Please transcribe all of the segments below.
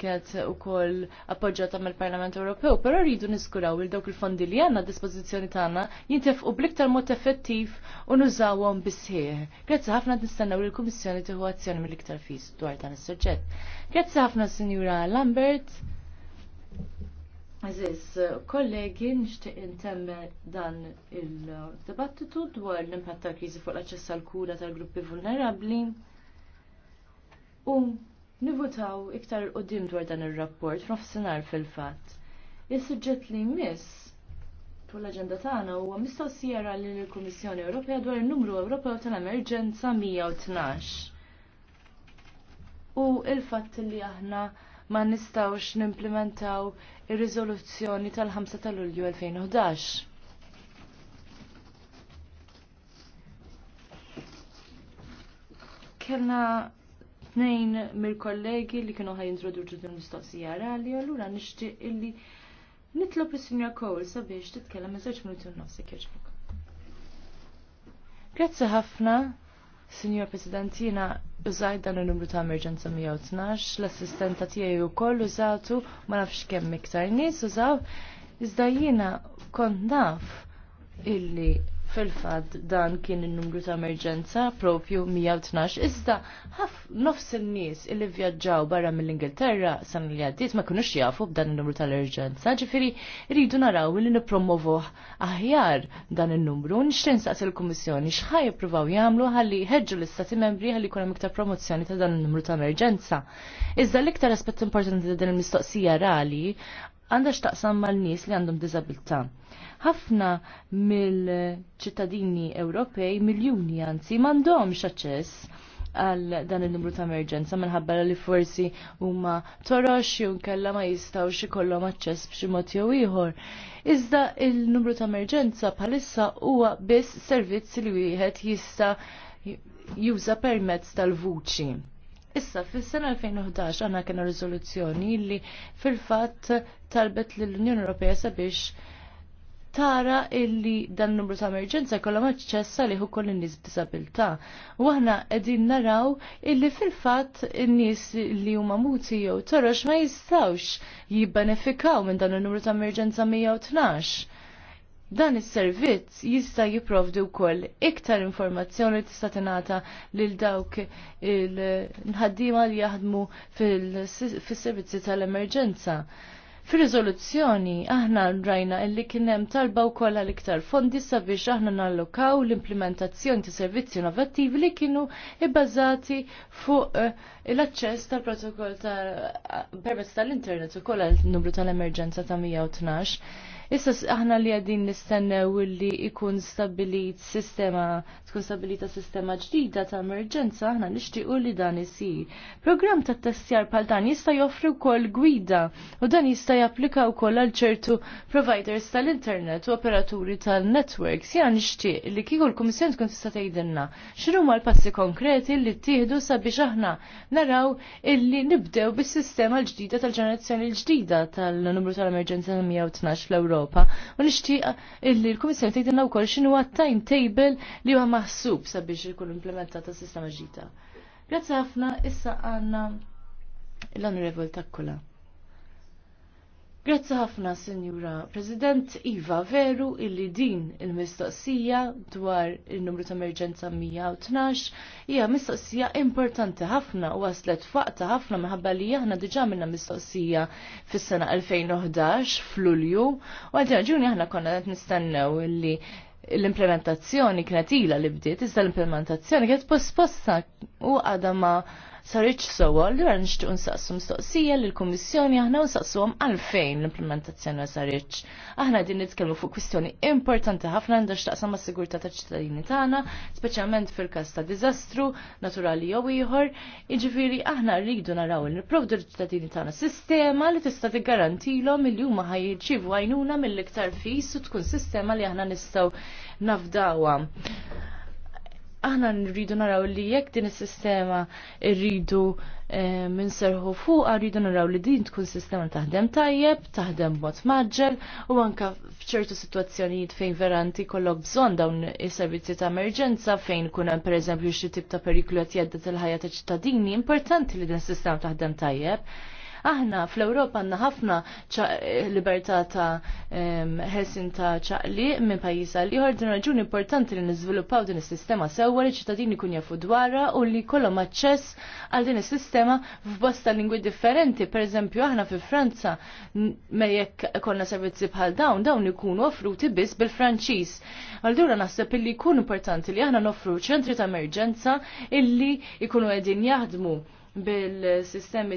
kienet ukoll appoġġjata mill-Parlament Ewropew, però rridu niskuraw il dawk il-fondi li għandna dispożizzjoni tagħna jintefqu bliktar mod effettiv u nużawhom bisħieħ. Grazzi ħafna nistennew li kummissjoni tieħu azzjoni mill-iktar fis dwar dan is-suġġett. Grazzi ħafna Sinjura Lambert. Aziz, kollegi, nishtiq intemme dan il-dibattitu dwar l impatta tal-kriżi fuq l-aċċess għal kura tal-gruppi vulnerabbli. U Nivutaw iktar qoddim dwar dan ir-rapport f'nofsinhar fil-fatt. Is-suġġett li miss fuq l-aġenda tagħna huwa mistoqsija lil il kummissjoni Ewropea dwar in-numru Ewropew tal-Emerġenza 112. U il-fatt li aħna ma nistawx nimplementaw ir-riżoluzzjoni tal-5 ta' Lulju 2011. Kellna tnejn mill-kollegi li kienu ħaj introduċu din mistoqsija rali, allura nixtieq illi nitlob is sinja Cole sabiex titkellem żewġ minuti u nofsi jekk Grazzi ħafna, Sinjor President, użaj użajt dan il-numru ta' emerġenza 112, l-assistenta tiegħi wkoll użatu ma nafx kemm iktar nies użaw, iżda jiena kont naf illi fil fad dan kien il-numru ta' emerġenza propju 112 iżda ħaf nofs il-nies illi vjaġġaw barra mill-Ingilterra san li għaddis ma kunux jafu b'dan il-numru ta' emerġenza ġifiri rridu naraw li nipromovu aħjar dan il-numru nixtin saqs il kummissjoni xħaj jippruvaw jagħmlu ħalli ħedġu l-istati membri għalli jkun hemm iktar promozzjoni ta' dan il-numru ta' emerġenza. Iżda l-iktar aspett importanti ta' din il-mistoqsija rali għandha x'taqsam mal-nies li għandhom diżabilità. Ħafna mill-ċittadini Ewropej, miljuni anzi, m'għandhomx aċċess għal dan il-numru ta' emerġenza minħabba li forsi huma torox jew kella ma jistgħux ikollhom aċċess b'xi mod jew ieħor. Iżda il-numru ta' emerġenza bħalissa huwa biss servizz li wieħed jista' juża permezz tal-vuċi. Issa, fil-sena 2011 għanna kena rizoluzzjoni li fil-fat talbet l-Unjoni Ewropea sabiex tara illi dan numru ta' emerġenza kollha maċċessa li ukoll in-nies b'disabilità. U aħna qegħdin naraw illi fil-fatt in-nies li huma muti jew torox ma jistgħux jibbenefikaw minn dan in-numru ta' emerġenza 112 dan is-servizz jista' jipprovdi wkoll iktar informazzjoni tista' tingħata lil dawk il-nħaddiema li jaħdmu fis-servizzi tal-emerġenza. Fir-riżoluzzjoni aħna rajna illi kien hemm talba wkoll għal iktar fondi sabiex aħna nallokaw l-implementazzjoni ta' servizzi innovattivi li kienu ibbażati fuq eh, l-aċċess tal-protokoll ta' permezz tal-internet ukoll għal numru tal-emerġenza ta' 112. Issa aħna li għadin nistennew li ikun stabilit sistema, tkun stabilita sistema ġdida ta' emerġenza, aħna nixtiequ li dan isir. Programm ta' testjar pal dan jista' joffri wkoll gwida u dan jista' japplika wkoll għal ċertu providers tal-internet u operaturi tal-networks. Jan nixtieq li kieku l-Kummissjoni tkun tista' tgħidilna x'inhuma l-passi konkreti li ttieħdu sabiex aħna naraw illi nibdew bis-sistema l-ġdida tal-ġenerazzjoni l-ġdida tal-numru tal-emerġenza 112 l-Ewropa ewropa u nixtieq illi l-Kummissjoni tgħidilna wkoll x'inhu timetable li huwa maħsub sabiex ikun implementata s-sistema ġita. Grazzi ħafna issa għandna l-Onorevol Takkula. Grazzi ħafna, Signora President Iva, veru illi din il-mistoqsija dwar il-numru ta' emerġenza 112 hija mistoqsija importanti ħafna u waslet faqta ħafna minħabba li aħna diġà minna mistoqsija fis-sena 2011 f'Lulju u għal ġuni aħna konna qed nistennew illi l-implementazzjoni kienet ila li bdiet, iżda l-implementazzjoni kienet posposta u għada ma sarriċ sowa li għan nishtuq nsaqsu mistoqsija li l-Komissjoni aħna nsaqsuhom għalfejn l-implementazzjoni ma sarriċ. Aħna din nitkellmu fuq kwistjoni importanti ħafna għandha x'taqsam mas-sigurtà ta' ċittadini tagħna, speċjalment fil-każ ta' diżastru naturali jew ieħor, jiġifieri aħna rridu naraw li nipprovdu l-ċittadini tagħna sistema li tista' tiggarantilhom milli huma ħajirċievu għajnuna mill-iktar fis u tkun sistema li aħna nistgħu nafdawha aħna nridu naraw li jekk din is-sistema rridu eh, minserħu fuq rridu naraw li din tkun sistema taħdem tajjeb, taħdem mod maġġel u anka f'ċertu sitwazzjonijiet fejn veranti kollok bżonn dawn is-servizzi ta' emerġenza fejn kun hemm pereżempju xi tip ta' periklu qed jgħeddet il-ħajja ta' ċittadini, importanti li din is-sistema taħdem tajjeb. Aħna fl-Ewropa għandna ħafna libertà ta' ħelsin ta' ċaqli minn pajjiżha li ħordin raġuni importanti li niżviluppaw din is-sistema sewwa li ċittadini kun jafu dwarha u li jkollhom aċċess għal din is-sistema f'bosta lingwi differenti. Pereżempju aħna fi Franza mejjek konna servizzi bħal dawn dawn ikunu offruti biss bil-Franċiż. Allura naħseb illi jkun importanti li aħna noffru ċentri ta' emerġenza illi jkunu qegħdin jaħdmu bil-sistemi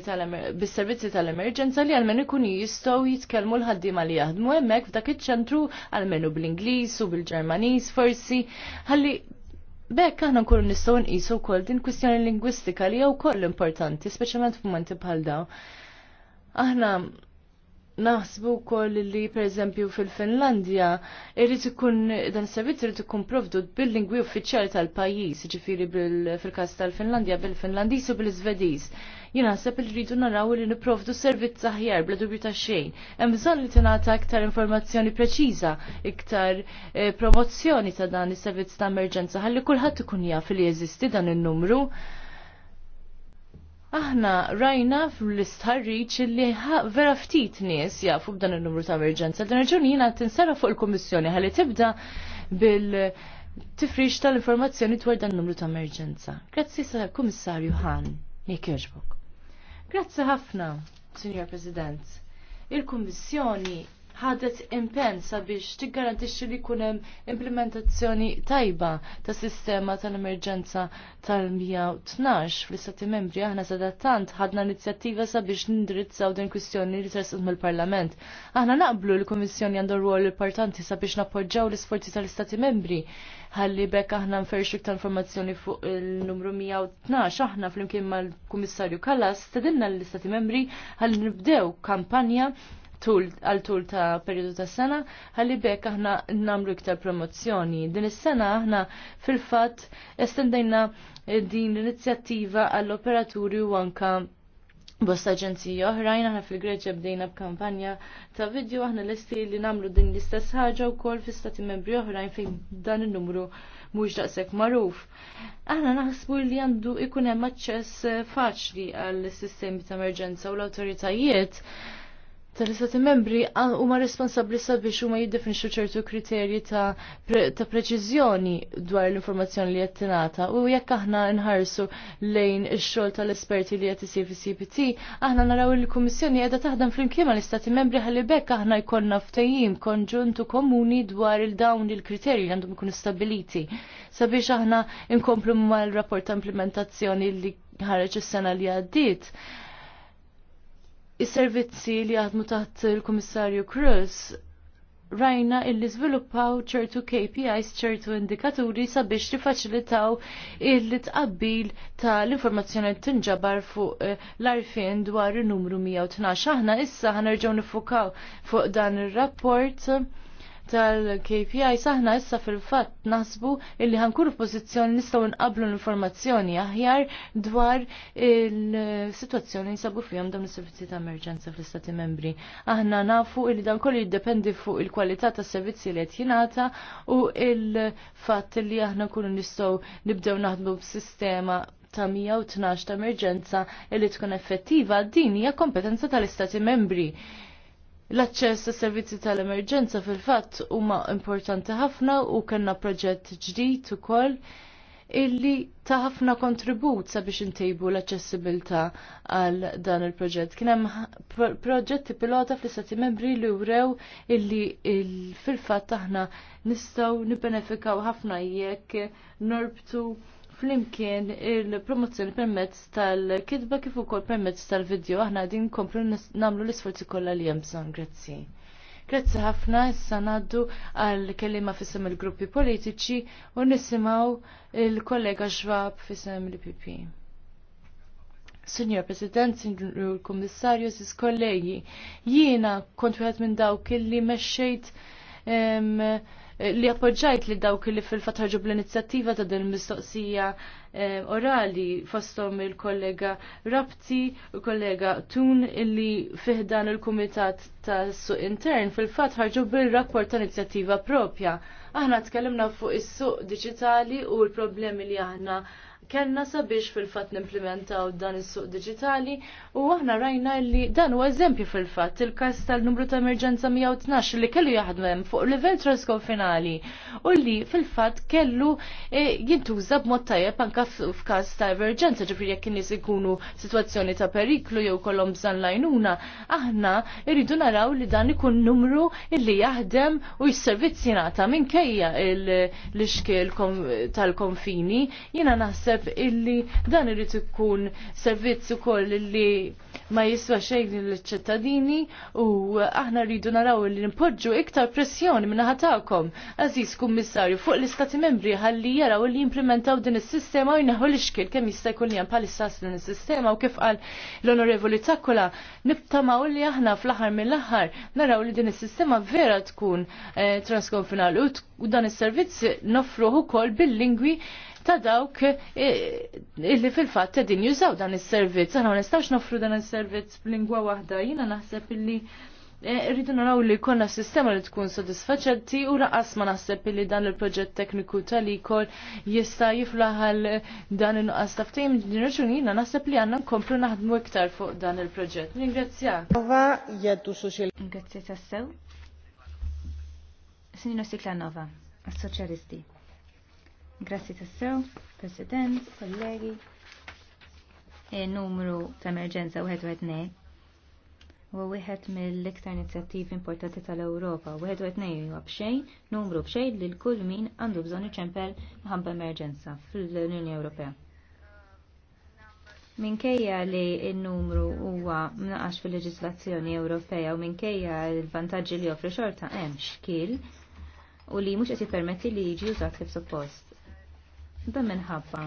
bis-servizzi tal-emerġenza li għalmen ikun jistgħu jitkellmu l-ħaddiema li jaħdmu hemmhekk f'dak iċ-ċentru għalmenu bl-Ingliż u bil-Ġermaniż forsi ħalli Bekk aħna nkunu nistgħu nqisu wkoll din kwistjoni lingwistika li hija wkoll importanti, speċjalment f'mumenti bħal dawn. Aħna naħsbu kol li per eżempju fil-Finlandja irrit ikun dan sabit irrit ikun provdu bil-lingwi uffiċjali tal-pajis, ġifiri fil-kas tal-Finlandja bil-Finlandis u bil-Svediż. Jien naħseb li rridu naraw li niprovdu servizz aħjar bla dubju ta' xejn. Hemm bżonn li tingħata iktar informazzjoni preċiża, iktar eh, promozzjoni ta' dan is-servizz ta' emerġenza ħalli kulħadd ikun jaf li jeżisti dan in-numru aħna rajna fl-istħarriċ li vera ftit nies jafu b'dan il-numru ta' emerġenza. Dan raġuni jiena tinsara fuq il-Kummissjoni ħalli tibda bil tifriċ tal-informazzjoni dwar dan numru ta' emerġenza. Grazzi sa' Kummissarju Han, jekk Grazzi ħafna, Signor President. Il-Kummissjoni ħadet impensa sabiex tiggarantixxi li jkun hemm implementazzjoni tajba ta' sistema tal-emerġenza tal-112 fl-istati membri aħna tant ħadna inizjattiva sabiex nindirizzaw din kwistjoni li tresqet mill-Parlament. Aħna naqblu l-Kummissjoni għandu rwol importanti sabiex nappoġġaw l-isforzi tal-istati membri ħalli bekk aħna nferxu ta' informazzjoni fuq il-numru 112 aħna flimkien mal-Kummissarju Kallas stedinna l-Istati Membri ħalli nibdew kampanja għal tul ta' periodu ta' sena, għalli bekk aħna namlu iktar promozzjoni. Din is-sena aħna fil fat estendejna eh, din l-inizjattiva għall-operaturi u anka bosta aġenzija oħrajn aħna fil-Greċja bdejna b'kampanja ta' video aħna l lesti li namlu din l-istess ħaġa wkoll fi stati membri oħrajn fejn dan in-numru mhux daqshekk magħruf. Aħna naħsbu li għandu ikun hemm aċċess faċli għall sistemi ta' emerġenza u l-awtoritajiet tal-istati membri huma responsabbli sabiex huma jiddefinixxu ċertu kriterji ta', pre ta preċiżjoni dwar l-informazzjoni li qed tingħata u jekk aħna nħarsu lejn ix-xogħol tal-esperti li qed isir fis-CPT, aħna naraw li l-Kummissjoni qiegħda taħdem flimkien mal-Istati Membri ħalli bekk aħna jkollna ftehim konġuntu komuni dwar il-dawn il-kriterji li għandhom ikunu stabiliti sabiex aħna nkomplu mal-rapport ta' implementazzjoni li ħareġ is-sena li għaddiet Is-servizzi li għadmu taħt il-Kummissarju Cruz rajna illi żviluppaw ċertu KPIs, ċertu indikaturi sabiex faċilitaw il-tqabbil ta' l-informazzjoni tinġabar fuq eh, l-arfin dwar il-numru 112. Aħna issa ħanerġaw nifukaw fuq dan il-rapport tal-KPI saħna issa fil-fatt nasbu illi ħankunu f'pożizzjoni nistgħu nqablu l-informazzjoni aħjar dwar il-sitwazzjoni jinsabu fihom dawn is-servizzi ta' emerġenza fl-Istati Membri. Aħna nafu illi dan kollu jiddependi fuq il-kwalità tas-servizzi li qed jingħata u il-fatt li aħna nkunu nistgħu nibdew naħdmu b'sistema ta' 112 ta' emerġenza illi tkun effettiva din hija kompetenza tal-Istati membri. L-aċċess tas servizzi tal-emerġenza fil-fatt huma importanti ħafna u kellna proġett ġdid ukoll illi ta' ħafna kontribut sabiex intejbu l-aċċessibilità għal dan il-proġett. Kien hemm proġetti pilota fl-istati membri li wrew illi fil-fatt aħna nistgħu nibbenefikaw ħafna jekk norbtu flimkien il-promozzjoni permezz tal-kidba kif ukoll permezz tal-video aħna qegħdin komplu nagħmlu l-isforzi kollha li hemm bżonn. Grazzi. Grazzi ħafna issa ngħaddu għal kelima fisem il-gruppi politiċi u nisimaw il-kollega Xwab fisem l-PP. Signor President, Signor Kommissarju, Sis kollegi, jiena kont wieħed minn dawk illi mexxejt li appoġġajt li dawk li fil-fatħarġu bl-inizjattiva ta' din mistoqsija eh, orali fostom il-kollega Rabti, il-kollega Tun illi fiħdan il-Kumitat ta' Suq Intern fil-fat ħarġu bil-rapport ta' inizjattiva propja. Aħna tkellimna fuq is-suq diġitali u l-problemi li aħna kellna sabiex fil-fatt nimplementaw dan is-suq digitali, u aħna rajna li dan huwa eżempju fil-fatt il-każ tal-numru ta' emerġenza 112 li kellu hemm fuq livell finali u li fil-fatt kellu e, jintuża b'mod tajjeb anke f'każ ta' emerġenza ġifieri jekk in-nies ikunu sitwazzjoni ta' periklu jew kolom bżonn lajnuna, aħna rridu naraw li dan ikun numru illi jaħdem u s-servizz jingħata minkejja l-ixkiel tal-konfini jiena naħseb naħseb illi dan irid ikun servizz ukoll illi ma jiswa xejn lill-ċittadini u aħna rridu naraw li nipoġġu iktar pressjoni minn ħatakom. Aziz Kummissarju fuq l-Istati Membri ħalli jaraw li jimplementaw din is-sistema u jnaħu l-ixkil kemm jista' jkun li hemm bħalissa din is-sistema u kif qal l-Onorevoli Takkola nibtamaw li aħna fl-aħħar mill-aħħar naraw li din is-sistema vera tkun eh, transkonfinali u dan is-servizz nofruh ukoll bil-lingwi ta' dawk eh, illi fil-fatt din jużaw dan is-servizz. għana ma nistax nofru dan is-servizz b'lingwa waħda. Jiena naħseb illi eh, rridu naraw li konna sistema li tkun sodisfaċenti u raqas ma naħseb illi dan il-proġett tekniku tal-ikol jista' jiflaħal dan il-nuqqas taftej din raġuni jina naħseb li għandna nkomplu naħdmu iktar fuq dan il-proġett. Nova soċjal. Ringrazzja tassew. Sinino Siklanova, għas-Soċjalisti. Grazzi tassew, President, kollegi, e numru ta' emerġenza 112 u wieħed mill-iktar inizjattivi importanti tal-Ewropa. Wieħed u għetnej huwa b'xejn, numru b'xejn li l-kull min għandu bżonn iċempel ħabba emerġenza fl-Unjoni Ewropea. Minkejja li n-numru huwa mnaqax fil-leġislazzjoni Ewropea u minkejja l-vantaġġi li joffri xorta hemm xkil u li mhux qed jippermetti li jiġi użat kif suppost. Dan minħabba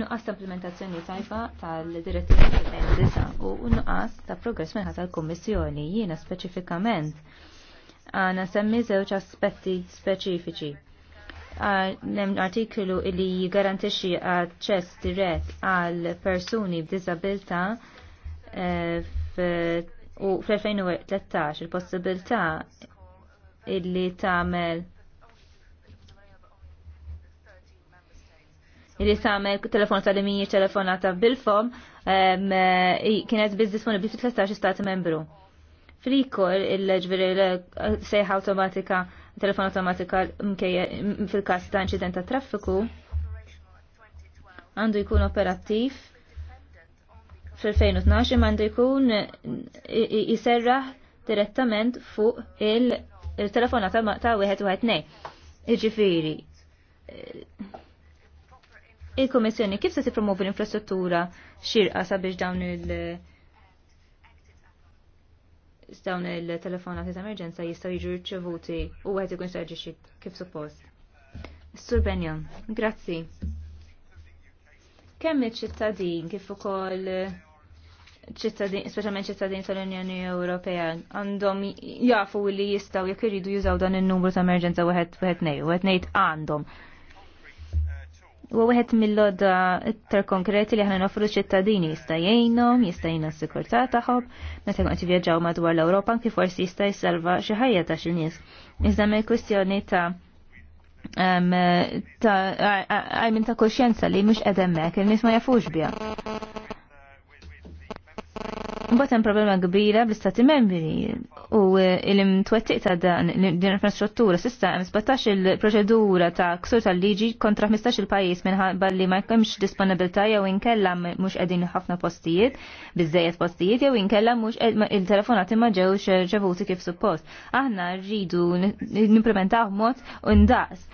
nuqqas ta' implementazzjoni tajba tal-direttiva tal-disa u nuqqas ta' progress minħat tal-Kommissjoni jiena speċifikament għana semmi żewġ aspetti speċifiċi. Nem artiklu li jgarantixi għadċess dirett għal persuni b'disabilta eh, u fl-2013 il-possibilta illi tamel li same telefon tal-imijie telefonata bil-fom e, kienet biz disponibli fi 13 stati membru. Frikor il-ġveri sejħa automatika, telefon automatika fil-kas ta' incident ta' traffiku għandu jkun operattiv fil-2012 imma għandu jkun jiserraħ direttament fuq il-telefonata ta' 112. Iġifiri, il-Komissjoni kif se tippromovi l-infrastruttura xirqa sabiex dawn il- dawn il-telefonat ta' emerġenza jistgħu jiġu rċevuti u għed ikun xi kif suppost. Sur Benjam, grazzi. Kemm iċ-ċittadin kif ukoll ċittadin, speċjalment ċittadin tal-Unjoni Ewropea, għandhom jafu li jistgħu jekk iridu jużaw dan in-numru ta' emerġenza wieħed wieħed ngħid, wieħed ngħid għandhom u għuħet mill-loda iktar konkreti li ħana nofru ċittadini jista' jgħinhom, jista' sikurta s-sikurtà tagħhom, meta jkun madwar l-Ewropa anki forsi jista' salva xi ħajja ta' xi nies. Iżda me kustjoni ta' ta' għajmin ta' kuxjenza li mhux edemmek, il-nis nies ma jafux biha. Mbagħad hemm problema kbira bl-istati membri u l-imtwettiq ta' dan din infrastruttura s'issa hemm il-proċedura ta' ksur tal-liġi kontra 15 il-pajjiż minħabba li ma jkunx disponibilità jew inkella mhux qegħdin ħafna postijiet, biżejjed postijiet jew inkella mhux il-telefonati ma ġewx ċevuti kif suppost. Aħna rridu nimplementaw mod u ndaqs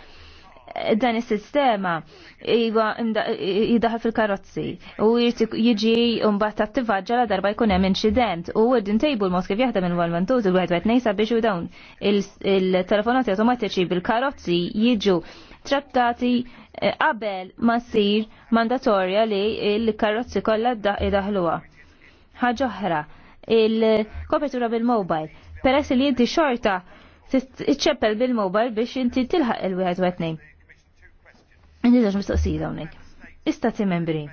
dan is-sistema iva jidaħal fil-karozzi u jiġi mbagħad attivat la darba jkun hemm incident u din table mod kif jaħdem il-valmentut il-wieħed wieħed nejsa biex dawn il-telefonati automatiċi bil-karozzi jiġu trattati eh, qabel ma sir mandatorja li il-karozzi kollha jdaħluha. Ħaġa oħra, il-kopertura bil-mobile. Peress li inti xorta iċċeppel bil-mobile biex inti tilħaq il-wieħed wieħed Nidax mistoqsija hawnhekk. Istati membri.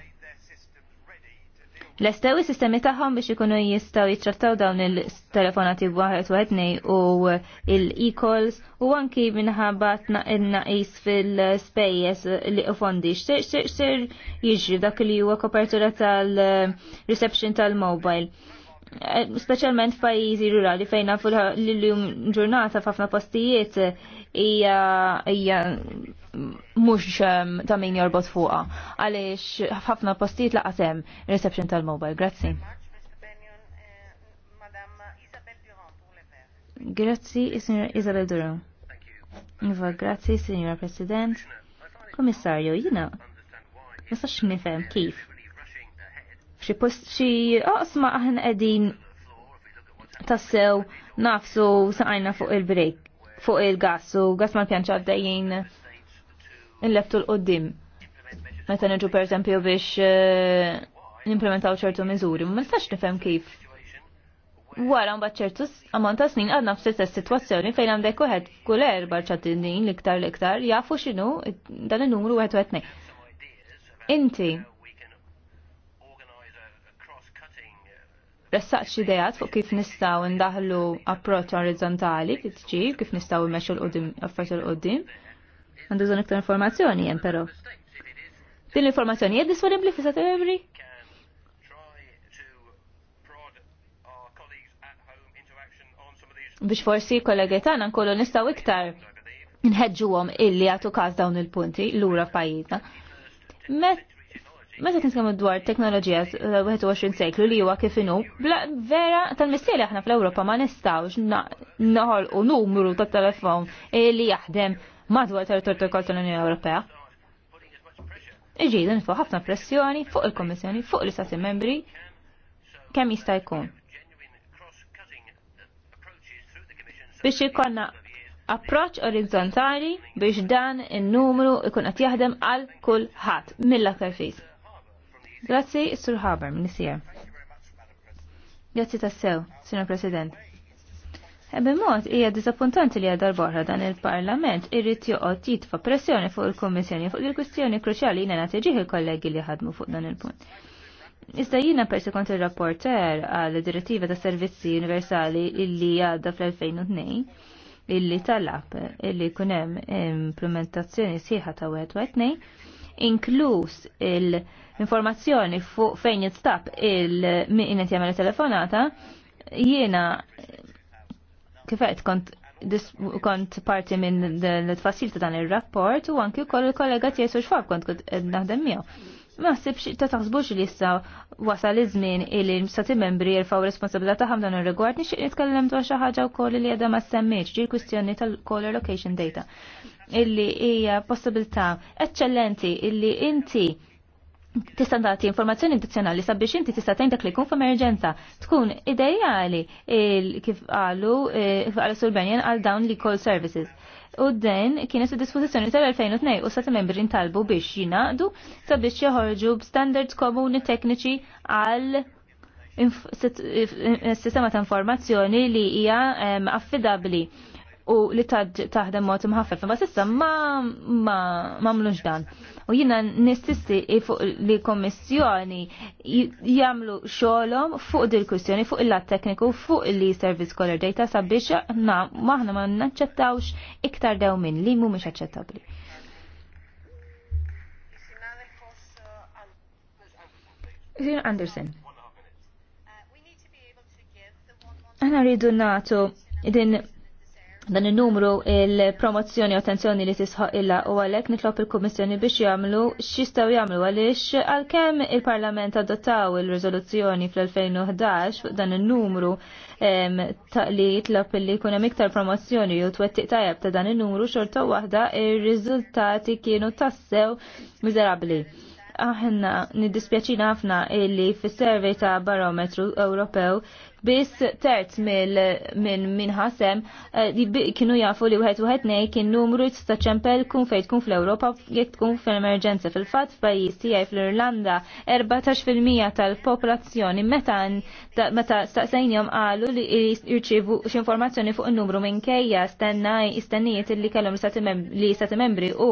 L-estewi sistemi tagħhom biex ikunu jistgħu jiċċattaw dawn il-telefonati waħed waħednej u il-e-calls u anki minħabba naqis fil-spejjes li fondi x'ser jiġri dak li huwa kopertura tal-reception tal-mobile eh, specialment f'pajjiżi rurali fejn nafu l-lum ġurnata f'ħafna postijiet hija mux ta' min jorbot fuqa. Għalix ħafna postijiet la' laqatem reception tal-mobile. Grazzi. Grazzi, Isabel Duro. Iva, grazzi, Signora President. Komissarju, jina. Nisa xnifem, kif. Xi post xi oqsma aħna qegħdin tassew nafsu saqajna fuq il-break fuq il-gas u gas mal pjanċa għaddejjien Il-leftu l-qoddim. Meta nġu per esempio biex eh, nimplementaw ċertu miżuri, ma nistax nifhem kif. Wara mbagħad ċertu ammont ta' snin għadna f'stess sitwazzjoni fejn għandek wieħed kull erba' ċattinin l-iktar l-iktar jafu x'inhu dan in-numru wieħed wieħed Inti ressaqt xi ideat fuq kif nistgħu ndaħlu approċċ orizzontali fit kif nistgħu immexxu l-qudiem affarijiet l-qudiem għandu bżonn iktar informazzjoni hemm però. Din l-informazzjoni hija disponibbli fi Sat Every? biex forsi kollegi tagħna nkollu nistgħu iktar nħeġġuhom illi għatu każ dawn il-punti lura f'pajjiżna. Meta kienu dwar teknoloġija 21 eh, seklu li huwa kif inhu, vera tal-mistieri aħna fl-Ewropa ma nistgħux noħolqu numru tat telefon li jaħdem madwar territorju kol tal-Unjoni Ewropea. Iġidin fuq ħafna pressjoni fuq il-Kommissjoni, fuq l-Istati membri, kemm jista' jkun. Biex ikonna approċ orizzontali biex dan in-numru ikun qed jaħdem għal kull ħadd mill-aktar fis. Grazzi, Sur Haber, Minisier. Grazzi tassew, Sina President mod, hija disappuntanti li għadar borra dan il-parlament irrit joqgħod jitfa' pressjoni fuq il-Kummissjoni fuq il-kwistjoni kruċjali jiena nagħtiġih il-kollegi li ħadmu fuq dan il-punt. Iżda jiena persi kont ir-rapporter għal direttiva ta' servizzi universali illi għadda fl-2002 illi talab illi kunem hemm implementazzjoni sħiħa ta' 1 inkluż il-informazzjoni fuq fejn jitstab il minnet jagħmel telefonata jiena kifet kont kont parti minn l-tfassil ta' dan il-rapport u anki kol il-kollega tiegħi xfab kont naħdem miegħu. Ma ħsibx ta' taħsbux li issa wasal iż-żmien illi l-stati membri jerfgħu responsabilità tagħhom dan ir-rigward nixtieq nitkellem dwar xi ħaġa wkoll li qiegħda ma semmejx ġi kwistjoni tal-caller location data illi hija possibilità eċċellenti illi inti tista' tagħti informazzjoni addizzjonali sabiex inti tista' tgħin dak li jkun f'emerġenza. Tkun ideali kif qalu eh, kif qalu Surbenjen għal dawn li call services. U den kienet su dispożizzjoni tal-2002 u sa' membri ntalbu biex jinaqdu sabiex joħorġu b'standards komuni tekniċi għal eh, sistema ta' informazzjoni li hija affidabli u li taħdem mod imħaffef. Ma sissa ma ma mlux dan. U jina nistissi li kommissjoni jamlu xolom fuq dil kwistjoni fuq il-lat tekniku, fuq li service color data sabiex na maħna ma naċċettawx iktar dew minn li mhumiex aċċettabbli. Anderson. Uh, Aħna rridu natu din dan il-numru il-promozzjoni u attenzjoni li tisħaq illa u għalek nitlob il komissjoni biex jagħmlu x'jistgħu jagħmlu għaliex għalkemm il-Parlament adottaw il-riżoluzzjoni fl-2011 fuq dan il-numru li jitlob li jkun hemm iktar promozzjoni u twettiq tajjeb ta' dan il-numru xorta waħda ir-riżultati kienu tassew miżerabbli. Aħna niddispjaċina ħafna illi fis-servej ta' Barometru Ewropew biss terz minn ħasem eh, kienu jafu li wieħed wieħed nej kien numru tista' ċempel kun fejn tkun fl-Ewropa jekk tkun fl-emerġenza. Fil-fatt f'pajjiż tiegħi fl-Irlanda 14% tal-popolazzjoni meta meta staqsejnhom qalu li jirċievu informazzjoni fuq in-numru minkejja stenna istennijiet li kellhom li stati membri u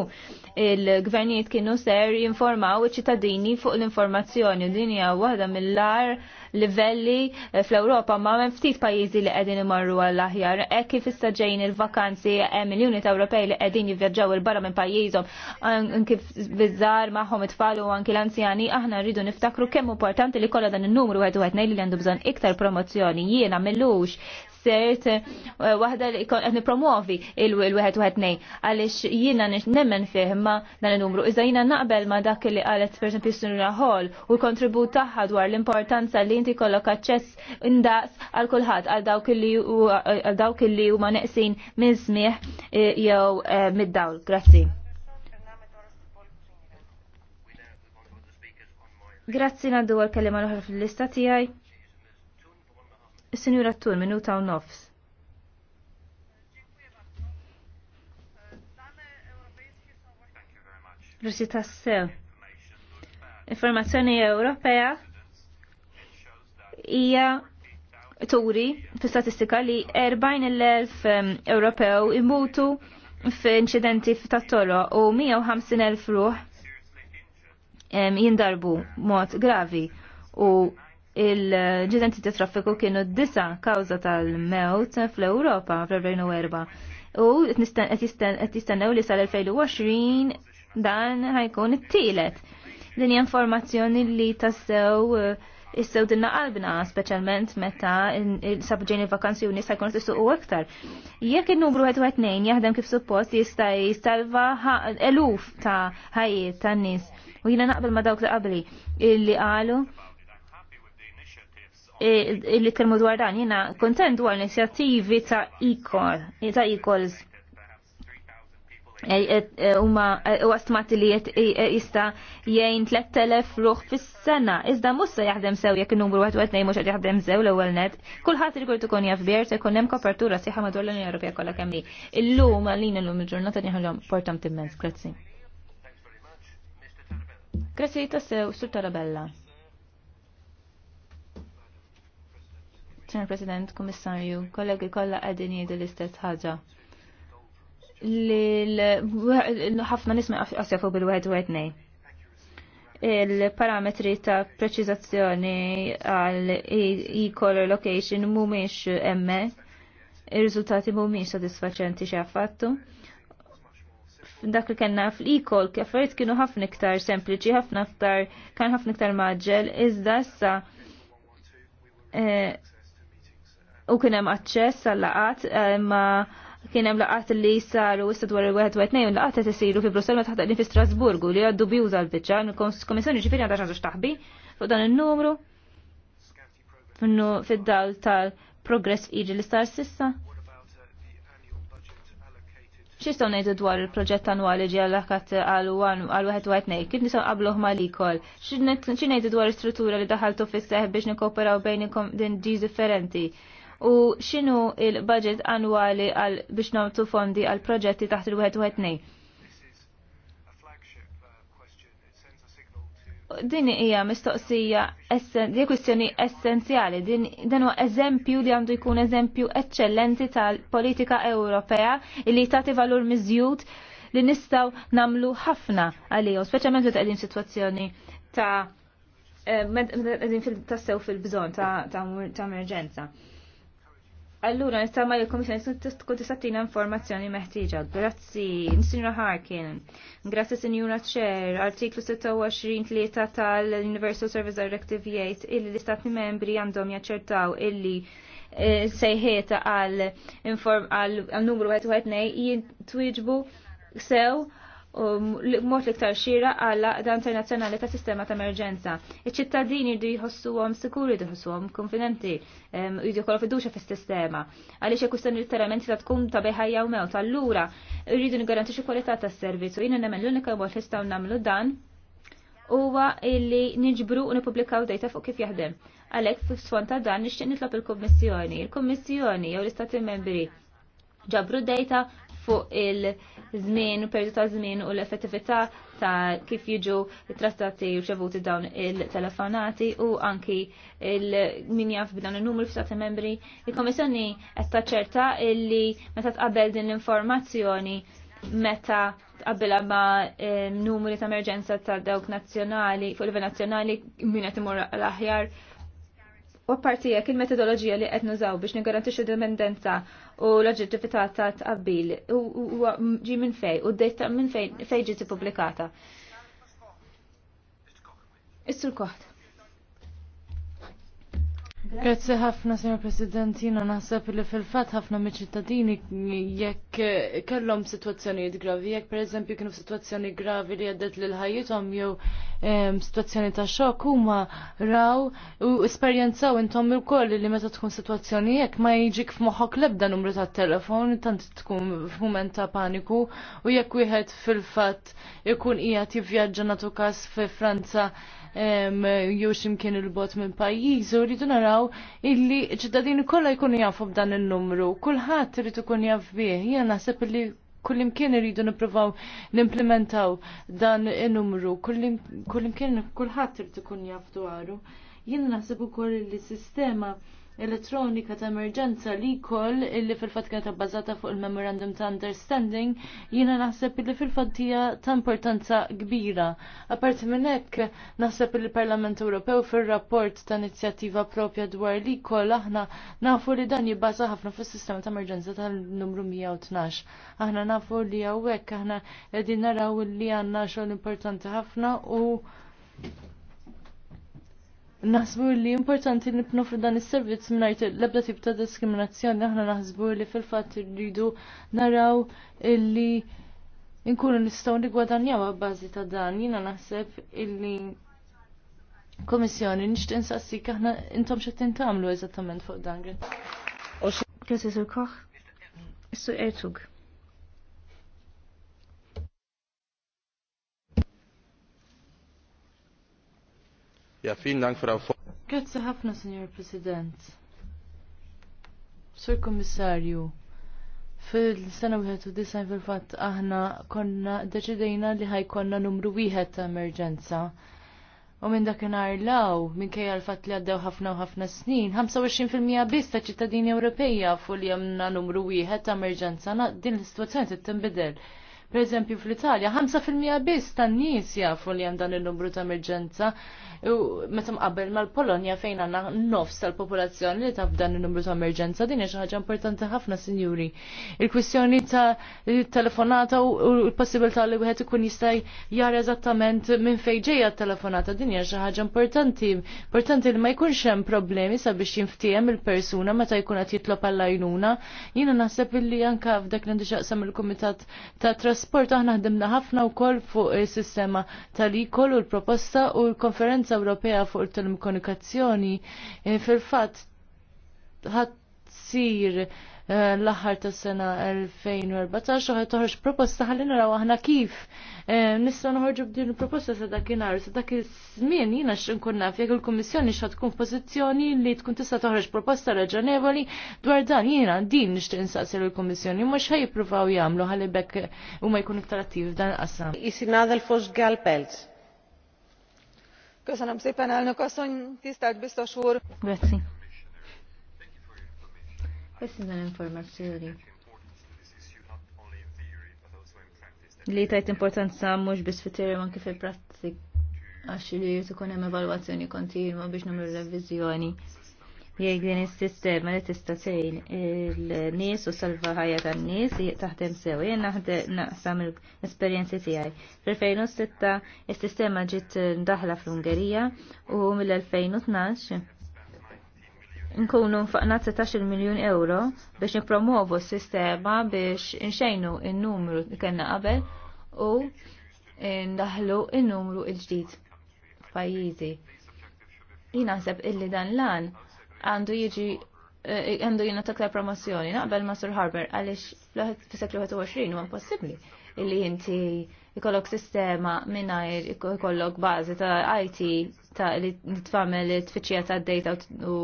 il-gvernijiet kienu ser jinformaw iċ-ċittadini fuq l-informazzjoni. Din hija waħda mill-ar livelli eh, fl-Ewropa ma' hemm ftit pajjiżi li qegħdin imorru għall aħjar hekk kif issa ġejjin il-vakanzi hemm il-Unjoni Ewropej li qegħdin jivvjaġġaw il-barra minn pajjiżhom kif biżżar magħhom it tfalu u anki l-anzjani aħna rridu niftakru kemm importanti li kollha dan in-numru wieħed wieħed li għandu bżonn iktar promozzjoni jiena millux Sejt eh, waħda li kon qed nipromuovi il-1 għaliex jiena nemmen fih ma dan il-numru. Iżda jiena naqbel ma dak li qalet pereżempju Sinura Hall u l-kontribut tagħha dwar l-importanza li inti kollok aċċess indaqs għal kulħadd għal dawk li huma neqsin minn smih eh, jew eh, mid-dawl. Grazzi. Grazzi naddu għal-kelima l fil-lista tijaj. Is-Sinjura Tur minuta u nofs. Risi tassew. Informazzjoni Ewropea hija turi fi statistika li 40.000 ehm, Ewropew imutu f'inċidenti f'tat-toro u 150.000 ruħ ehm, jindarbu mod gravi u il-ġidenti ta' traffiku kienu disa kawza tal-mewt fl-Europa fl-2004 u qed jistennew li sal-2020 dan ħajkun it-tielet. Din informazzjoni li tassew eh, issew dinna qalbna, specialment meta sabġen il-vakanzi unis ħajkun t u aktar. Jekk il-numru 1 jahdem kif suppost jista' jistalva eluf ta' ħajiet ta' nis. U jina naqbel ma dawk ta' qabli illi qalu Eh, li tkellmu dwar dan jina kontent dwar l-inizjattivi ta' ikol, ta' ikols. Eh, eh, huma wastmat li jista' jgħin 3000 ruħ fis-sena. Iżda musa jaħdem sew jekk n numru għat għat ngħid mhux jaħdem sew l-ewwel net. Kulħadd irid ikun jaf bier se jkun kopertura sieħa madwar l-Unjoni Ewropea kollha kemm hi. Illum għalina llum il-ġurnata nieħu portam timmens. Grazie. Grazie tassew, Sur Tarabella. Sir President, Komissarju, kollegi kollha qegħdin jgħidu l-istess ħaġa. Ħafna nisma' għasja fuq bil 1 u il-parametri ta' preċizazzjoni għal e-color location mumiex emme, il-rizultati mumiex sodisfaċenti xi Dak li kena fl-e-call kif kienu ħafna iktar sempliċi, ħafna iktar kan ħafna iktar maġġel, iżda issa eh, u kienem aċċess għal-laqat eh, ma kienem laqat li saru issa dwar il 1 u laqat qed isiru fi Brussell ma taħdaq fi Strasburgu li għaddu bjuża l-biċċa il-Komissjoni ġifieri għandha xi taħbi fuq dan in-numru fid-dawl tal-progress iġi li sar sissa. Xistaw nejdu dwar il-proġett annuali ġi għal-għakat għal-1 kif nisaw qabluħ ma li kol. nejdu dwar il-struttura li daħaltu fis-seħ biex nikoperaw bejn din ġi differenti u xinu il-budget annwali għal biex nomtu fondi għal proġetti taħt il-1 Din hija mistoqsija di kwistjoni essenzjali, din dan eżempju li għandu jkun eżempju eċċellenti tal-politika Ewropea li tagħti valur miżjud li nistaw namlu ħafna għalihom, speċjalment meta qegħdin situazzjoni ta' eh, qegħdin tassew fil-bżonn ta' emerġenza. Allura, nistama li komissjoni tkun tista' informazzjoni meħtieġa. Grazzi, Sinjura Harkin. Grazzi Sinjura Chair, artiklu 26 tal-Universal Service Directive Yates, illi l istatni membri għandhom jaċċertaw illi eh, sejħeta għal numru 1 jintwiġbu sew Um, mort liktar xira għalla dan Nazzjonali ta' sistema ta' emerġenza. Iċ-ċittadini jridu jħossuhom sikuri jħossuhom konfidenti, jridu jkollu fiduċa fis-sistema. Għaliex hekk kustan il-terament ta' tkun ta' beħajja u mew tal-lura jridu nigarantixxu kwalità tas servizu Jina jiena nemmen l-unika mod li nistgħu nagħmlu dan huwa illi niġbru u nippubblikaw dejta fuq kif jaħdem. Għalhekk fis-swan ta' dan nixtieq nitlob il-Kummissjoni. Il-Kummissjoni jew l-Istati Membri ġabru d-dejta fuq il-żmien, perdu ta' żmien u l-effettività ta' kif jiġu trattati u ċevuti dawn il-telefonati u anki il-min jaf b'dan il-numru f'stati membri. Il-Komissjoni qed taċċerta illi meta tqabel din l-informazzjoni meta tqabbilha ma numri ta' emerġenza ta' dawk nazzjonali fuq livell nazzjonali min qed imur l-aħjar. U appartijek il-metodoloġija li qed nużaw biex nigarantixxu dipendenza u l-oġġettività ta' tqabbil u ġi minn fej u d-dejta minn fejn fejn ġiet ippubblikata. Is-sur Grazie ħafna, Signor President, jina naħseb li fil-fat ħafna ċittadini jekk kellhom situazzjonijiet gravi, jekk per eżempju kienu situazzjoni gravi li għaddet lil ħajjithom jew ehm, situazzjoni ta' xokk huma raw u esperjenzaw intom ukoll li meta tkun situazzjoni jekk ma jiġik f'moħħok lebda numru ta' telefon tant tkun f'mument ta' paniku u jekk wieħed fil-fatt ikun qiegħed jivvjaġġa nagħtu każ fi Franza jew ximkien il-bot minn pajjiż u rridu naraw illi ċittadini kollha jkunu jafu b'dan il-numru, kulħadd irid ikun jaf bih. Jiena naħseb illi kullimkien irridu nippruvaw nimplementaw dan il-numru, imkien kulħadd irid ikun jaf dwaru. Jiena naħseb ukoll li sistema elettronika ta' emerġenza li koll illi fil-fat kienet abbażata fuq il-Memorandum ta' Understanding jiena naħseb illi fil-fat hija ta' importanza kbira. Apart minn hekk naħseb illi parlament Ewropew fir-rapport ta' inizjattiva propja dwar li koll aħna nafu li dan jibbaża ħafna fis-sistema ta' emerġenza tal-numru 112. Aħna nafu li hawnhekk aħna qegħdin naraw li għandna xogħol importanti ħafna u Naħsbu li importanti nipnu dan is-servizz mingħajr l-ebda tip ta' diskriminazzjoni aħna naħsbu li fil-fatt irridu naraw illi nkunu nistgħu nigwadanjaw bażi ta' dan. Jiena naħseb illi Komissjoni nixtieq insassik aħna intom x'qed tintamlu eżattament fuq dan. Grazie Sur koħ? is Ertug. Ja, vielen Dank, Frau Grazie ħafna, Signor President. Sur Kommissarju, fil-sena 91 fil-fatt aħna konna deċidejna li ħajkonna numru wieħed ta' emerġenza. U minn dakinhar law, minkejja l-fatt li għaddew ħafna u ħafna snin, 25% biss ta' ċittadini Ewropeja fu li għamna numru wieħed ta' emerġenza, din l-istituzzjoni tittinbidel. tinbidel. Per eżempju fl-Italja, 5% biss tan-nies jafu li hemm dan il-numru ta' emerġenza. Meta qabel mal-Polonja fejn għandna nofs tal-popolazzjoni li taf dan il-numru ta' emerġenza din hija xi ħaġa importanti ħafna, sinjuri. Il-kwistjoni ta' telefonata u l-possibilità li wieħed ikun jista' jara eżattament minn fejn ġejja t-telefonata din hija xi ħaġa importanti. Importanti li ma jkunx hemm problemi sabiex jinftiehem il-persuna meta jkun qed jitlob għall-għajnuna. Jiena naħseb illi anke f'dak li xaqsam il-Kumitat ta' Tras Sport aħna ħdimna ħafna wkoll fuq is-sistema tal-ikol u l-proposta u l-Konferenza Ewropea fuq il-Telekomunikazzjoni eh, fil-fatt ħadd sir Eh, l-aħħar tas-sena 2014 u toħroġ proposta ħalli naraw aħna kif eh, nista' noħorġu b'din il-proposta sa dakinhar sa dak iż-żmien jiena x'inkun naf jekk il-Kummissjoni x'ha tkun f'pożizzjoni li tkun tista' toħroġ proposta raġonevoli dwar dan jiena din nixtieq insaqsi l kummissjoni mhux ħajjippruvaw jagħmlu ħalli bekk huma jkun iktar attiv f'dan il-qasam. Isinada l-Fos Galpelz. Köszönöm szépen, elnök asszony, tisztelt biztos úr! Grazie. Jessinna l-informazzjoni. Li tajt importanza mux bis fit-teorija ma kif il-prattik għax li ikun hemm evalwazzjoni kontinwa biex nagħmlu revizjoni jgħid din is-sistema li tista' tgħin il-nies u salva ħajja tan-nies taħdem sew. Jien naqsam l-esperjenzi tiegħi. Fil-2006 is-sistema ġiet ndaħla fl-Ungerija u mill-2012 nkunu faqna 16 miljon euro biex nipromovu s-sistema biex nxejnu il-numru li kena qabel u ndaħlu il-numru il-ġdid f'pajjiżi. Jinaħseb illi dan lan għandu jiġi eh, għandu jina taktar promozzjoni naqbel ma' Sur għalix fl-seklu 21 u għan possibli illi jinti ikollok sistema mingħajr ikollok bażi ta' IT ta' li tfamel t tfittxija ta' data u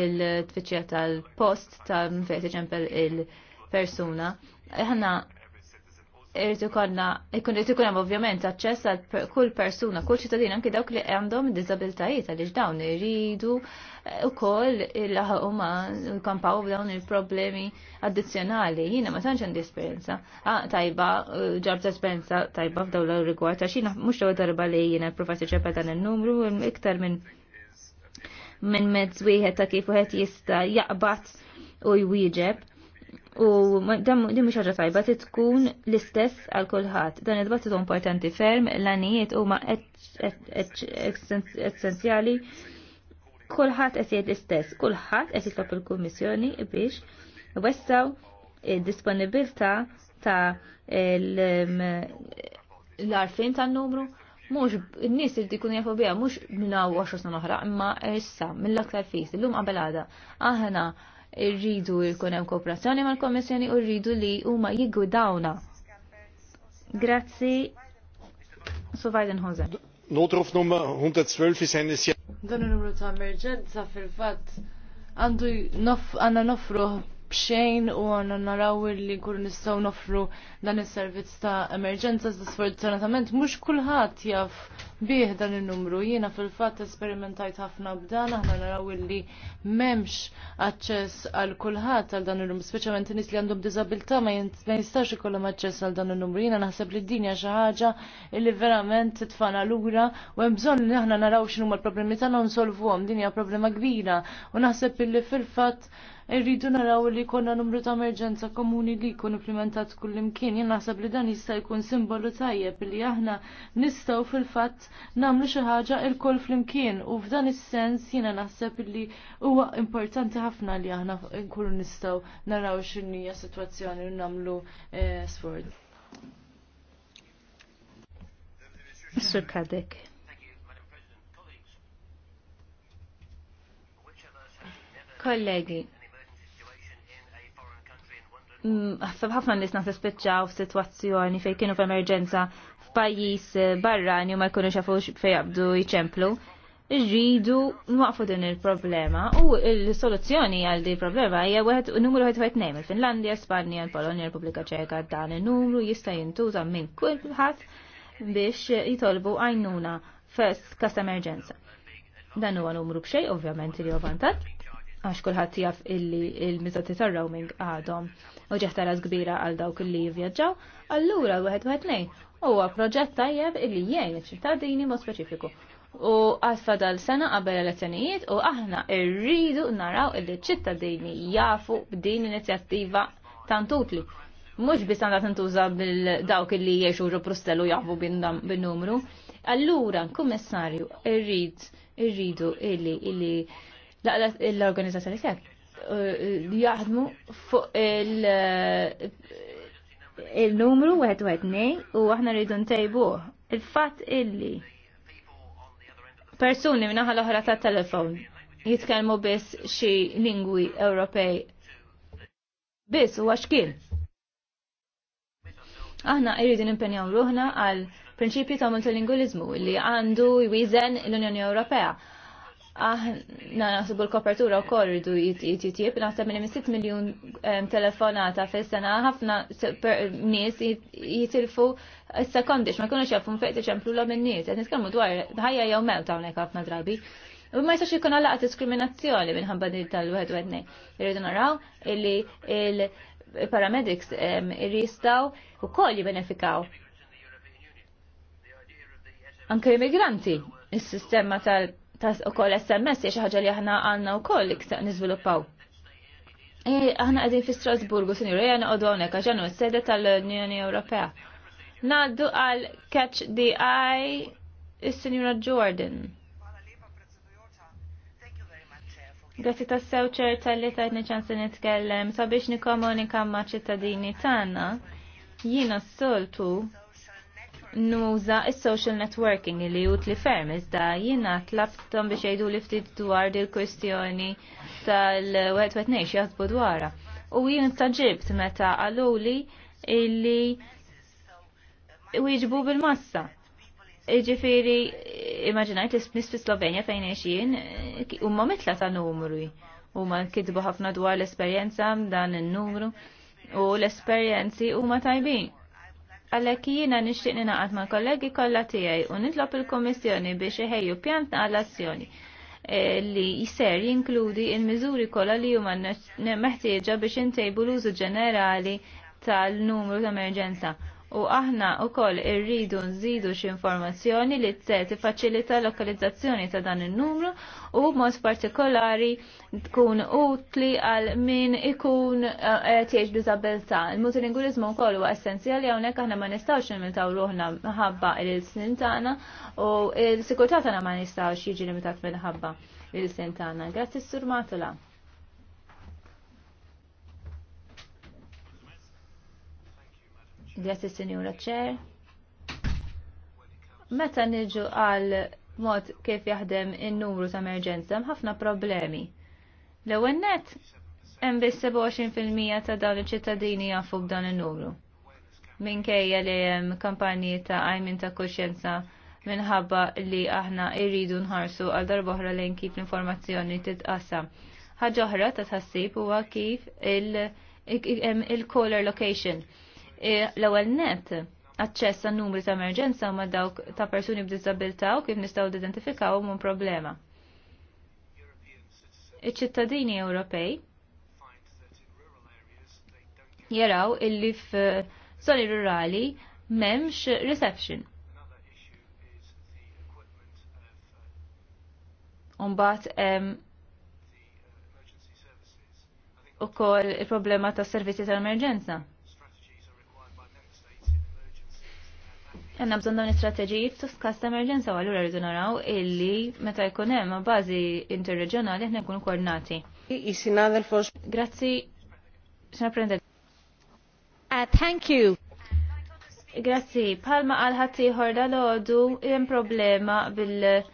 l-tfittxija tal-post ta' mfejt eżempel il-persuna. Ħanna irrid konna, ikkun irid ikun hemm ovvjament aċċess għal kull persuna, kull ċittadin anke dawk li għandhom disabilitajiet għaliex dawn iridu eh, koll il u kampaw dawn il-problemi addizzjonali. Jiena ma tantx għandi esperjenza. Ah, tajba, eh, ġabta esperienza tajba f'daw l-rigward għax jiena mhux l darba li il-professor iċċepa dan il-numru iktar minn minn mezz wieħed ta' kif wieħed jista' jaqbad u jwieġeb U din mhux ħaġa tajba tkun l-istess għal kulħadd. Dan id tkun importanti ferm, l-għanijiet huma essenzjali. Kulħadd qed jgħid l-istess, kulħadd qed jitlob il-Kummissjoni biex wessaw id-disponibilità ta' l-arfin tan-numru mux n-nis li dikun jafu bija mux minna 10 sena oħra imma issa mill-aktar fis illum qabel għada aħna rridu jkun hemm kooperazzjoni mal-Kommissjoni u rridu li huma dawna. Grazzi, Su Weidenhose. Notruf Nummer 112 is eine Dan il-numru ta' emerġenza fil-fatt għandu għanna nofru bxejn u għanna naraw li kur nistaw nofru dan il-servizz ta' emerġenza iżda sfortunatament mux kullħat jaf bih dan il-numru. Jiena fil-fat esperimentajt ħafna b'dan, aħna naraw li memx aċċess għal kulħadd għal dan il-numru, speċjalment nis li għandhom diżabilità ma jistax ikollhom aċċess għal dan il-numru. Jiena naħseb li d-dinja xi ħaġa li verament titfana lura u hemm bżonn li aħna naraw x'inhuma l-problemi tagħna u nsolvuhom. Din hija problema kbira u naħseb illi fil-fatt irridu naraw li jkollna numru ta' emerġenza komuni li jkun implementat kullimkien. Jien naħseb li dan jista' jkun simbolu tajjeb li aħna nistgħu fil-fatt nagħmlu xi ħaġa lkoll flimkien u f'dan is-sens jiena naħseb li huwa importanti ħafna li aħna nkunu nistgħu naraw x'inhija sitwazzjoni u nagħmlu eh, sford. Mr. Kadek. Kollegi, Mm, ħsab ħafna nis nasa speċċaw f'sitwazzjoni fej kienu f'emerġenza f'pajjiż eh, barrani u ma jkunu xafu fej jabdu jċemplu. Irridu nwaqfu din il-problema u il-soluzzjoni għal di problema hija wieħed numru wieħed wieħed nejn il Spanja, il-Polonja, Repubblika Ċeka dan il-numru jista' jintuża minn kulħadd biex jitolbu għajnuna f'kas emerġenza. Dan huwa numru b'xejn ovvjament li jovantat għax kullħat jaf illi il-mizzati tar roaming għadhom u ġeħtara kbira għal dawk li jivjaġġaw, allura wieħed wieħed nejn huwa proġett tajjeb illi jgħin iċ-ċittadini mo speċifiku. U għasfa fadal sena qabel elezzjonijiet u aħna rridu naraw illi ċittadini jafu b'din l-inizjattiva tantutli. Mhux biss għandha tintuża bil-dawk illi jiexu ġo Brustellu jafu bin-numru. Allura, kummissarju, irrid irridu illi illi l-organizzazzjoni tiegħek eh, jaħdmu fuq eh, il-numru wieħed wieħed u aħna rridu ntejbuh. Il-fatt illi persuni minnaħa l-oħra ta' telefon jitkellmu biss xi lingwi Ewropej biss huwa xkien. Aħna irridu nimpenjaw ruħna għal prinċipju ta' multilingualizmu li għandu jwizen l-Unjoni Ewropea aħna naħsibu l-kopertura u koll rridu jitjib, naħseb minn 6 miljon telefonata fil-sena, ħafna nies jitilfu s-sekondix, ma kunu xafu mfejt iċemplu la n nies, għed niskalmu dwar ħajja jew mew ta' unek ħafna drabi. U ma jistax ikun għallaqa diskriminazzjoni minħabba din tal-wed għedni. Irridu naraw illi il-paramedics irristaw u koll jibenefikaw. Anke immigranti, il-sistema tal- Ta's u koll SMS jiex ħagġa li aħna għanna u koll iktaq nizviluppaw. Aħna għedin fi Strasburgu, sinjur, jgħana u dawnek, għaxanu s-sede tal-Unjoni Ewropea. Naddu għal Catch the Eye, il-Sinjura Jordan. Grazzi ta' sewċer tal li ta' ċansi nitkellem sabiex nikomunika ma' ċittadini tagħna. Jiena s-soltu nuża il social networking li jut li ferm iżda jiena tlabtom biex jgħidu li ftit dwar il-kwestjoni tal-21 jaħsbu dwarra. U jien taġibt meta għaluli illi ujġbu bil-massa. Iġifiri, immaġinajt l fi Slovenja fejn eċin, u mitla ta' numru, u ma ħafna dwar l-esperienza dan il-numru, u l-esperienzi u ma tajbin għalhekk jiena nixtieq ningħaqad ma' kollegi kollha tiegħi u nitlob il-Kummissjoni biex iħejju pjan għall-azzjoni eh, li jser jinkludi il-miżuri kollha li huma meħtieġa biex intejbu l-użu ġenerali tal-numru ta' emerġenza u aħna u koll irridu nżidu x-informazzjoni li t faċilita lokalizzazzjoni ta' dan il-numru u mod partikolari tkun utli għal min ikun tieġ eh, bizabilta. Il-multilingualizmu u koll u essenzjali għonek aħna ma nistawx nimitaw ruħna ħabba il-snin tagħna u il sikurtata għana ma nistawx jiġi limitat mill-ħabba il-snin tana. Grazzi s-surmatula. Grazie Signora Chair. Meta niġu għal mod kif jaħdem in-numru ta' emerġenza hemm ħafna problemi. L-ewwel net hemm biss 27% ta' dawn iċ-ċittadini jafu b'dan in-numru. Minkejja li hemm kampanji ta' għajmin ta' kuxjenza minħabba li aħna irridu nħarsu għal darboħra lejn kif l-informazzjoni titqasam. Ħaġa oħra ta' tħassib huwa kif il-caller location E, l-ewwel net aċċess għan numri ta' emerġenza ma' dawk ta' persuni b'diżabilità u kif nistgħu identifikaw mun problema. Iċ-ċittadini Ewropej jaraw illi f'soli rurali m'hemmx reception. Umbat u koll il-problema ta' servizzi tal-emerġenza. għanna bżon dawn istrateġiji f'kas ta' emerġenza għallu għallura rridu naraw illi meta jkun hemm bażi interreġjonali aħna nkunu koordinati. Grazzi, prende. Uh, thank you. Grazzi, palma għal ħatti ħorda l-ħodu jem problema bil-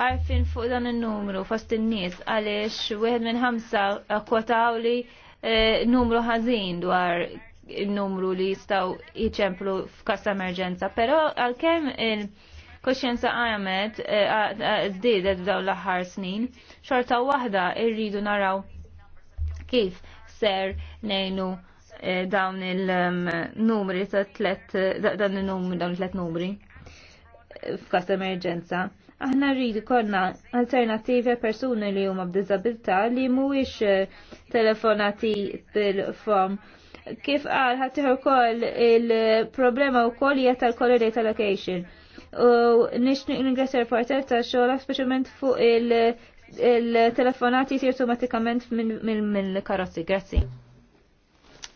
għarfin fuq dan il-numru fost il-nis għalix wieħed minn ħamsa kwotawli eh, numru ħażin dwar il-numru li jistaw jiċemplu f'kas emerġenza, pero għal-kem il-koxjenza għamet eh, zdidet f'daw l-aħħar snin, xorta wahda irridu naraw kif ser nejnu eh, dawn il-numri um, ta' tlet, dawn il-numri, dawn tlet numri f'kas emerġenza. Aħna rridu konna alternative persuni li huma b'diżabilità li mhuwiex eh, telefonati bil-fom kif qal ħadd ukoll il-problema wkoll hija tal-color allocation. U nixtieq ningrazzja l-parter ta' xogħol specialment fuq il-telefonati jisir automatikament mill-karozzi. Grazzi.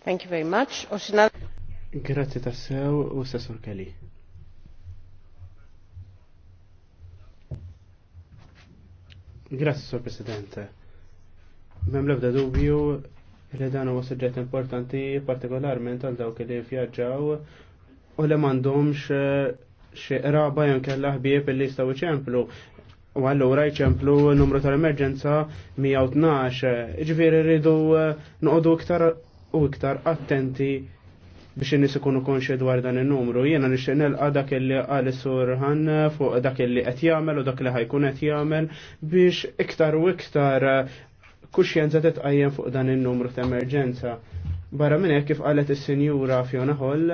Thank you very much. Grazzi tassew u sessur Kelly. Grazzi, Sor Presidente. Mem ebda dubju li dan huwa suġġett importanti partikolarment għal dawk li vjaġġaw u li m'għandhomx eh, xi qraba jew kellha ħbieb li jistgħu iċemplu. U allura jċemplu numru tal-emerġenza 112. Iġifieri rridu eh, noqogħdu iktar u iktar attenti biex in-nies ikunu konxi dwar dan in-numru. Jiena nixtieq nelqa' dak illi qal is-sur ħan fuq dak li qed jagħmel u dak li ħajkun qed jagħmel biex iktar u iktar kuxjenza titqajjem fuq dan il-numru ta' emerġenza. Barra minn hekk kif qalet is-sinjura Fiona Hall,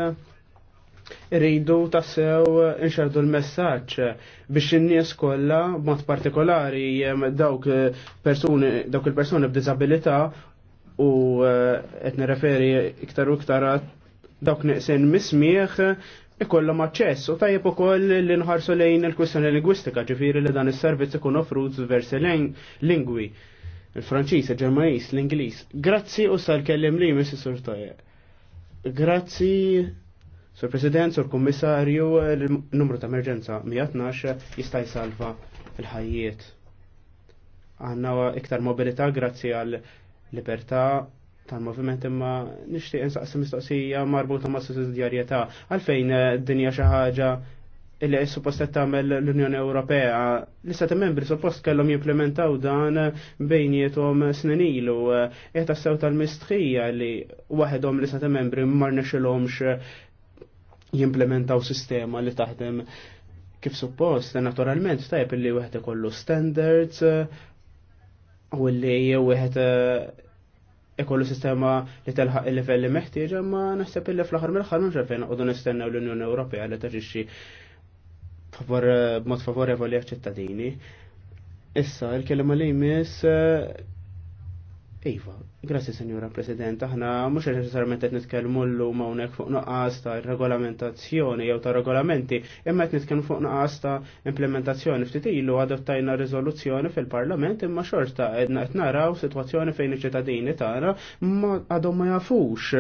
rridu tassew inxardu l-messaġġ biex in-nies kollha mod partikolari dawk persuni dawk il-persuni b'diżabilità u eh, qed nirreferi iktar u iktar dawk neqsin mismieħ ikollhom aċċess u tajjeb ukoll li nħarsu lejn il-kwistjoni lingwistika ġifieri li dan is-servizz ikun offruz diversi lingwi. Ling il franċiż il-Ġermanis, l ingliż Grazzi u sal kellim li Mrs. Surtaje. Grazzi, Sur President, Sur Kommissarju, l-numru ta' emerġenza 112 jista' jsalva il-ħajiet. Għanna iktar mobilità grazzi għal libertà tal-moviment imma nixtieq insaqsi mistoqsija marbuta ma' sussidjarjetà għalfejn eh, dinja xi ħaġa illi suppostet tagħmel l-Unjoni Ewropea. L-istati membri suppost kellhom jimplementaw dan bejnietom snin ilu. Qed tal-mistħija li waħedhom l-istati membri mar nexilhomx jimplementaw sistema li taħdem kif suppost, naturalment tajb illi wieħed ikollu standards u li wieħed eh, ikollu sistema li telħaq il-livelli meħtieġa ma naħseb illi fl-aħħar mill-aħħar mhux għalfejn qogħdu nistennew l-Unjoni Ewropea li taġixxi mod favorevoli għal-ċittadini. Issa, il-kelma li jmiss eh, Iva, grazie Signora President, aħna mhux neċessarjament qed nitkellmu llum hawnhekk fuq nuqqas ta' regolamentazzjoni jew ta' regolamenti, imma qed nitkellmu fuq nuqqas ta' implementazzjoni ftit ilu adottajna riżoluzzjoni fil-Parlament imma xorta qed naraw sitwazzjoni fejn iċ-ċittadini tagħna ma għadhom ma jafux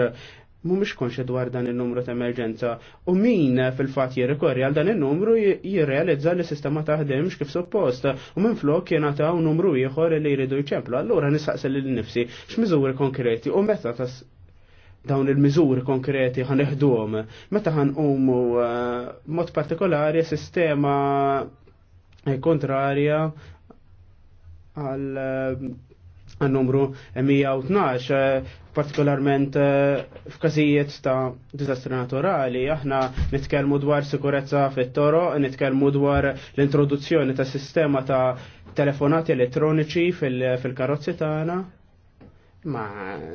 mumiex konxed dwar dan il-numru ta' emerġenza u min fil-fat jirrikorri għal dan il-numru jirrealizza li sistema taħdemx kif suppost u minn flok jena ta' numru ieħor li jridu jċemplu. Allura nistaqsel lil nifsi x'miżuri konkreti u meta ta' dawn il-miżuri konkreti ħaneħduhom, meta ħanqumu eh, mod partikolari sistema eh, kontrarja għal eh, numru 112, eh, partikolarment eh, f'każijiet ta' dizastri naturali. Aħna nitkellmu dwar sikurezza fit-toro, nitkellmu dwar l-introduzzjoni ta' sistema ta' telefonati elettroniċi fil-karozzi tagħna. Ma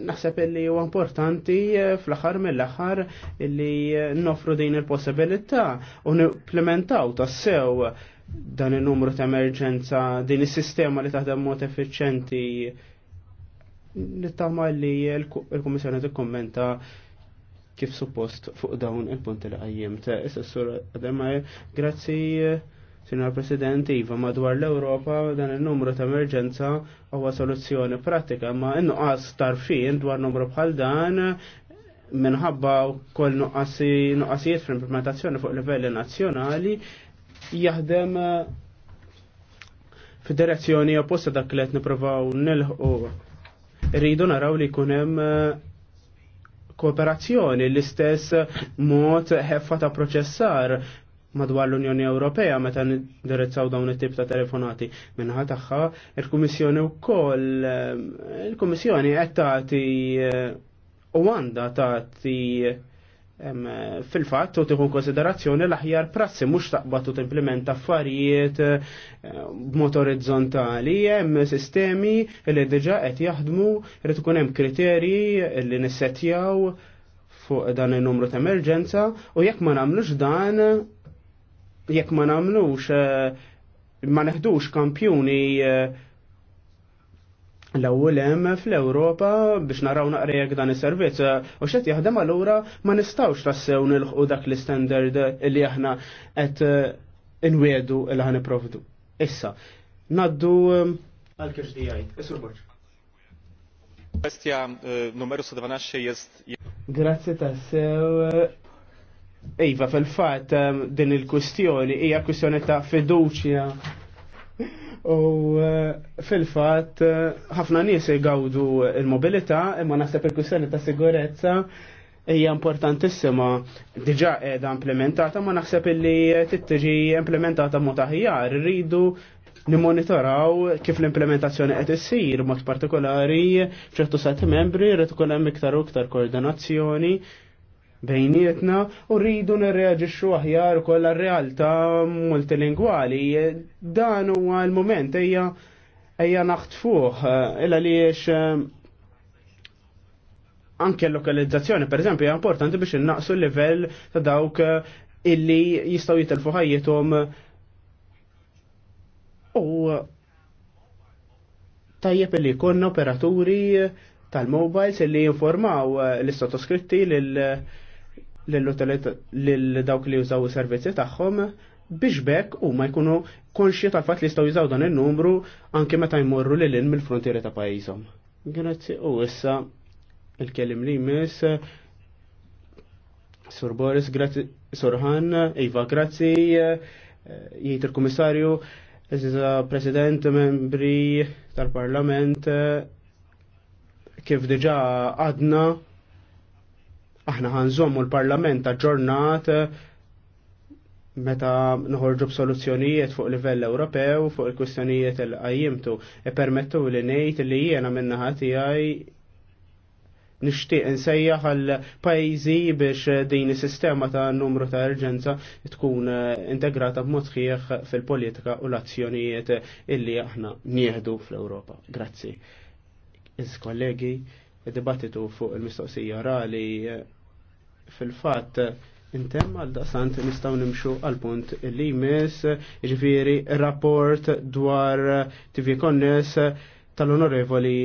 naħseb li huwa importanti eh, fl-aħħar mill-aħħar li nofru din il-possibilità u nimplementaw tassew dan il-numru ta' emerġenza, din is-sistema li taħdem mod effiċjenti nittama li l-Komissjoni kommenta kif suppost fuq dawn il-punti li Ta' s sur Ademaj, grazzi Signor President, Iva, madwar l-Europa dan il-numru ta' emerġenza huwa soluzzjoni pratika, ma innuqqas tarfin dwar numru bħal dan minħabba kol nuqqasijiet fl-implementazzjoni fuq livelli nazzjonali jaħdem eh, f'direzzjoni opposta dak li qed nippruvaw nilħqu rridu naraw li kunem eh, kooperazzjoni l-istess mod ħeffa ta' proċessar madwar l-Unjoni Ewropea meta ndirizzaw dawn it-tip ta' telefonati. Minħa tagħha il-Kummissjoni wkoll eh, il-Kummissjoni qed tagħti eh, u għandha tagħti fil-fatt u tiħu konsiderazzjoni l-aħjar prassi mhux taqbatu t timplementa affarijiet eh, b'mod orizzontali hemm sistemi li diġà qed jaħdmu irid ikun hemm kriterji li nissettjaw fuq dan il-numru ta' emerġenza u jekk ma nagħmlux dan jekk ma nagħmlux eh, ma neħdux kampjuni eh, l-ewwel hemm fl-Ewropa biex naraw naqrejek dan is-servizz eh, u xed jaħdem allura ma nistgħux tassew nilħqu dak l-istandard li aħna qed eh, inwedu li ħan iprovdu. Issa, naddu eh, għal kirx DI. Isur Borġ. Kwestja numeru 112 jest. Grazzi tassew. Iva, fil-fat din il-kwestjoni hija kwestjoni ta' fiduċja U eh, fil-fat, eh, ħafna nies jgawdu il-mobilità, imma naħseb il-kwistjoni ta' sigurezza hija importantissima diġa qiegħda implementata, ma naħseb illi tittiġi implementata mod aħjar. Rridu nimmonitoraw kif l-implementazzjoni qed issir mod partikolari f'ċertu stati membri rrid ikun hemm iktar u iktar koordinazzjoni bejnietna u rridu nirreagġixxu aħjar kollha realtà multilingwali. Dan huwa l-mument ejja ejja naħtfuh eh, illa għaliex eh, anke l-lokalizzazzjoni pereżempju hija importanti biex innaqsu l-livell ta' dawk eh, illi jistgħu jitilfu ħajjithom u tajjeb illi jkollna operaturi tal-mobiles illi jinformaw l-istotoskritti lil l-dawk li jużaw servizzi tagħhom biex bekk u ma jkunu konxi tal-fat li jistaw jużaw dan il-numru anke meta jmorru li l-in mill-frontieri ta' pajjiżhom. Grazzi u issa il-kelim li jmiss Sur Boris, grazzi Surhan, Iva, grazzi jgħid il-Kummissarju, President, membri tal-Parlament, kif diġa għadna Aħna ħanżommu l-Parlament aġġornat eh, meta noħorġu b'soluzzjonijiet fuq livell Ewropew fuq il-kwistjonijiet il qajjimtu e permettu li ngħid li jiena minnaħa tiegħi nixtieq insejjaħ għal pajjiżi biex din is-sistema ta' numru ta' erġenza tkun eh, integrata b'mod fil-politika u l-azzjonijiet illi aħna nieħdu fl-Ewropa. Grazzi. Iż kollegi, id-dibattitu fuq il-mistoqsija orali fil-fatt intemm għal daqsant nistaw nimxu għal punt li mis ġifiri rapport dwar TV Connes tal-onorevoli